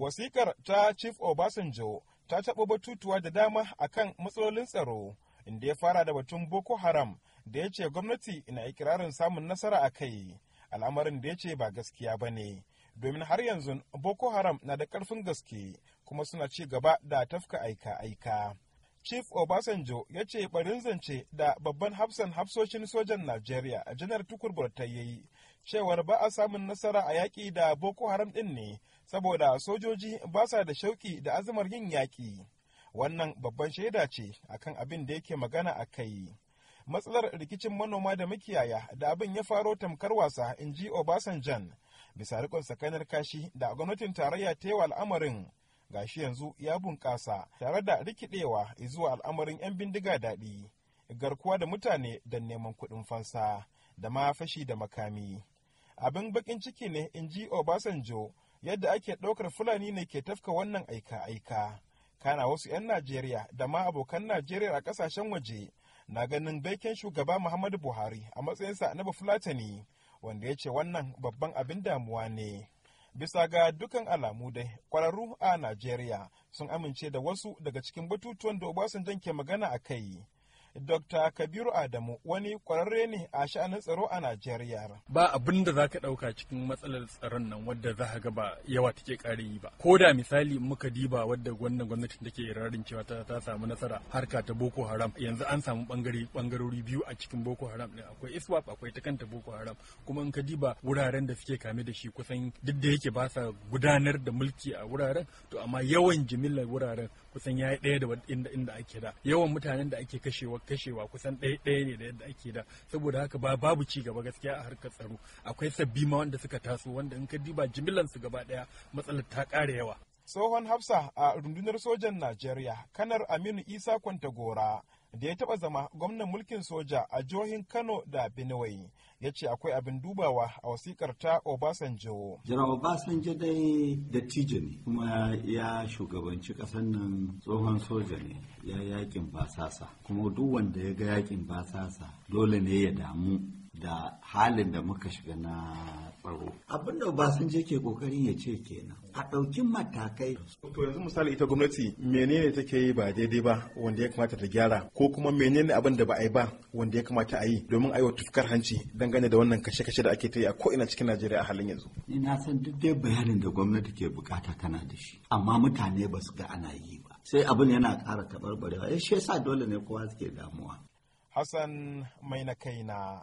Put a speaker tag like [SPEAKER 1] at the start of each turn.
[SPEAKER 1] Wasikar ta Chief Obasanjo ta taɓa batutuwa da dama akan matsalolin tsaro, inda ya fara da batun Boko Haram da ya ce gwamnati na ikirarin samun nasara a kai, al'amarin da ya ce ba gaskiya ba ne. Domin har yanzu Boko Haram na da ƙarfin gaske kuma suna ci gaba da tafka aika-aika. Chief Obasanjo ya ce barin zance da babban hafsan hafsoshin sojan Najeriya janar tukur ta yi cewar ba a samun nasara a yaƙi da Boko Haram ɗin ne saboda sojoji ba sa da shauƙi da azumar yin yaƙi. Wannan babban shaida ce akan abin da yake magana a kai. Matsalar rikicin manoma da makiyaya da abin ya faro tamkar wasa in ji Obasanjan bisa rikon sakanar kashi da gwamnatin tarayya ta yi al'amarin gashi yanzu ya bunƙasa tare da rikidewa zuwa al'amarin 'yan bindiga daɗi garkuwa da mutane don neman kuɗin fansa da ma fashi da makami abin bakin ciki ne in ji obasanjo yadda ake ɗaukar fulani ne ke tafka wannan aika-aika kana wasu 'yan najeriya da ma abokan najeriya a ƙasashen waje na ganin baiken shugaba muhammadu buhari a matsayinsa na bafulatani wanda ya ce wannan babban abin damuwa ne bisa ga dukan alamu dai kwararru a najeriya sun amince da wasu daga cikin batutuwan da Obasanjo ke magana a kai Dr. Kabiru Adamu wani kwararre ne a sha'anin tsaro a Najeriya.
[SPEAKER 2] Ba abin da za ka ɗauka cikin matsalar tsaron nan wadda za ka ga ba yawa take ƙare yi ba. Ko da misali muka diba wadda wannan gwamnatin take rarin cewa ta, ta samu nasara harka ta Boko Haram yanzu an samu ɓangare bangarori biyu a cikin Boko Haram ne akwai ISWAP akwai ta kanta Boko Haram kuma in ka diba wuraren da suke kame da shi kusan duk da yake ba sa gudanar da mulki a wuraren to amma yawan jimillar wuraren kusan ya yi ɗaya da inda ake da yawan mutanen da ake kashewa kashewa kusan ɗaya ɗaya ne da yadda ake da saboda haka ba babu ci gaba gaskiya a harkar tsaro akwai sabbi ma wanda suka taso wanda in ka diba jimillan su gaba ɗaya matsalar ta ƙara yawa tsohon hafsa a
[SPEAKER 1] rundunar sojan
[SPEAKER 2] najeriya
[SPEAKER 1] kanar aminu isa kwantagora da ya taɓa zama gwamnan mulkin soja a jihohin Kano da Benue ya ce akwai abin dubawa a wasikar ta Obasanjo.
[SPEAKER 3] Jira Obasanjo dai dattijo ne kuma ya shugabanci ƙasar nan tsohon soja ne ya yakin basasa kuma duk wanda ya ga yakin basasa dole ne ya damu da halin da muka shiga na tsaro.
[SPEAKER 1] Abin da Obasanjo ke kokarin ya ce kenan. A ɗaukin matakai. To yanzu misali ita gwamnati menene take yi ba daidai ba wanda ya kamata ta gyara ko kuma menene abin da ba a yi ba wanda ya kamata a yi domin a yi wa tufkar hanci dangane da wannan kashe-kashe da ake ta yi a ko'ina cikin Najeriya a halin yanzu.
[SPEAKER 3] Ni na san duk dai bayanin da gwamnati ke bukata tana da shi amma mutane ba su ga ana yi ba. Sai abin yana ƙara taɓarɓarewa, eh, shi yasa dole ne kowa suke damuwa.
[SPEAKER 1] Hassan mai na kaina